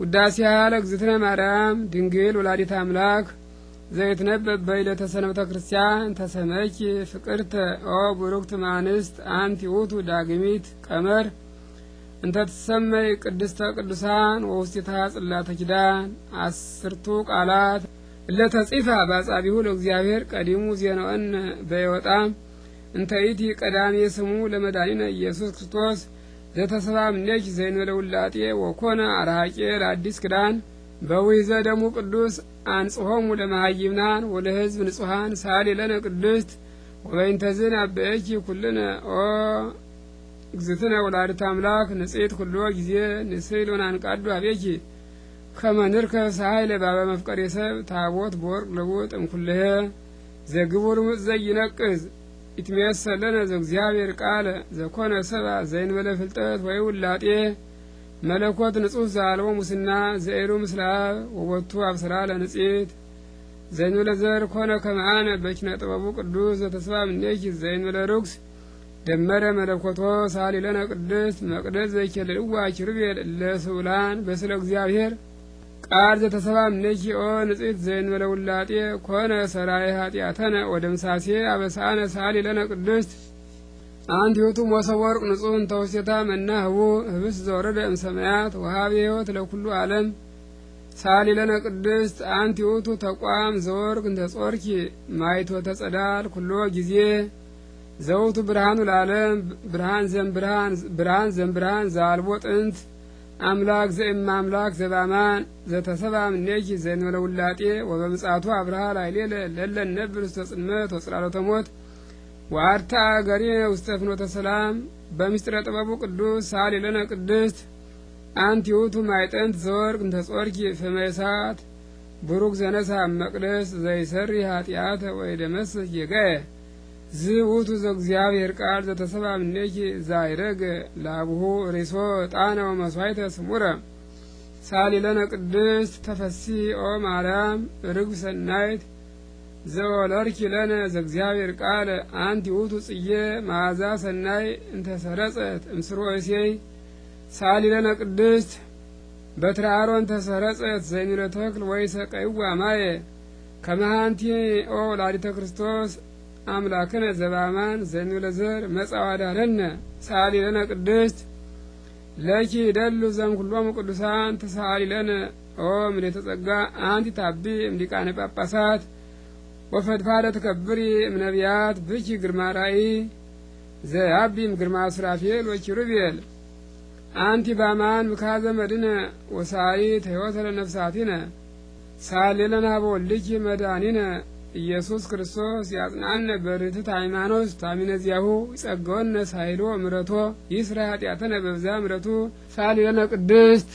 ውዳሴ ለእግዝእትነ ማርያም ድንግል ወላዲት አምላክ ዘይትነበብ በይለተ ሰንበተ ክርስቲያን ተሰመኪ ፍቅርተ ኦ ቡሩክት ማንስት አንቲ ውቱ ዳግሚት ቀመር እንተ ትሰመይ ቅድስተ ቅዱሳን ወውስጢታ ጽላተ ኪዳን አስርቱ ቃላት እለተጺፋ ባጻቢሁ ለእግዚአብሔር ቀዲሙ ዜናውን በይወጣ እንተ ይእቲ ቀዳሜ ስሙ ለመድኃኒነ ኢየሱስ ክርስቶስ ዘተስፋ ምኔች ዘይንበለ ውላጤ ወኮነ አርሃቄ ለአዲስ ክዳን በውይዘ ደሙ ቅዱስ አንጽሖሙ ለመሃይምናን ወለህዝብ ንጹሐን ሳሊ ለነ ቅድስት ወበይንተዝን አበእኪ ኩልነ ኦ እግዝእትነ ወላዲተ አምላክ ንጽሕት ኩሎ ጊዜ ንስእል ወናንቃዱ አቤኪ ከመ ንርከብ ሳህይ ለባበ መፍቀሬ ሰብ ታቦት በወርቅ ልቡጥ እምኩልሄ ዘግቡር ምጽ ዘይነቅዝ ኢትሜሰለነ ዘእግዚአብሔር ቃለ ዘኮነ ሰባ ዘእንበለ ፍልጠት ወይ ውላጤ መለኮት ንጹሕ ዘአልቦ ሙስና ዘኤሉ ምስለ አብ ወወቱ አብስራ ለንጽሕት ዘእንበለ ዘር ኮነ ከመአነ በኪነ ጥበቡ ቅዱስ ዘተስፋ ምኔኪ ዘእንበለ ርኩስ ደመረ መለኮቶ ሳሊ ለነ ቅድስት መቅደስ ዘይኬልእዋ ኪሩቤል እለ ስውላን በስለ እግዚአብሔር ቃል ዘተሰባምነኪ ኦ ንጽሕት ዘእንበለ ውላጤ ኮነ ሰራይ ኃጢአተነ ወደምሳሴ አበሳነ ሳሊ ለነ ቅድስት አንቲ ውእቱ መሶበ ወርቅ ንጹሕ እንተ ውስቴታ መና ህቡ ህብስት ዘወረደ እምሰማያት ወሃበ ሕይወት ለኩሉ ዓለም ሳሊ ለነ ቅድስት አንቲ ውእቱ ተቋም ዘወርቅ እንተ ጾርኪ ማይቶ ተጸዳል ኩሎ ጊዜ ዘውቱ ብርሃኑ ለዓለም ብርሃን ዘም ብርሃን ብርሃን ዘም ብርሃን ዘአልቦ ጥንት አምላክ ዘእም አምላክ ዘባማን ዘተሰባም ነጅ ዘእንበለ ውላጤ ወበምጻቱ አብርሃ ላይሌለ ለለ ነብር ውስተ ጽልመት ወጽላሎተ ሞት ዋርታ ገሬ ውስተ ፍኖተ ሰላም በምስጢረ ጥበቡ ቅዱስ ሳሊ ለነ ቅድስት አንቲ ውእቱ ማዕጠንት ዘወርቅ እንተ ጾርኪ ፍሕመ እሳት ቡሩክ ዘነሳ መቅደስ ዘይሰሪ ኃጢአተ ወይደመስስ የጋየ ዝውቱ ዘእግዚአብሔር ቃል ዘተሰባምኔኪ ዛይረግ ላብሁ ሪሶ ጣነ መስዋይተ ስሙረ ሳሊለነ ቅድስት ተፈሲ ኦ ማርያም ርግብ ሰናይት ዘወለርኪ ለነ ዘእግዚአብሔር ቃል አንቲ ውቱ ጽዬ ማዛ ሰናይ እንተሰረጸት እምስሮ እሴይ ሳሊለነ ቅድስት በትረ አሮን ተሰረጸት ዘይኒነ ተክል ወይ ቀይዋ ማየ ከመሃንቲ ኦ ወላዲተ ክርስቶስ አምላክነ ዘባማን ዘንብለ ዘር መጻዋዳለነ ሳሊ ለነ ቅድስት ለኪ ደሉ ዘምኩሎሙ ቅዱሳን ተሳሊ ለነ ኦ ምልዕተ ጸጋ አንቲ ታቢ እምዲቃነ ጳጳሳት ወፈድፋደ ተከብሪ እምነቢያት ብኪ ግርማ ራእይ ዘአቢም ግርማ ሱራፌል ወኪሩቤል አንቲ ባማን ምካዘ መድነ ወሳሊ ተሕይወተ ለነፍሳቲነ ሳሊ ለነ ኀበ ኢየሱስ ክርስቶስ ያጽናነ በርትዕት ሃይማኖት ታሚነ ይጸገወነ ሳይሎ ምረቶ ይስራ ኃጢአተነ በብዛ ምረቱ ሳሊለነ ቅድስት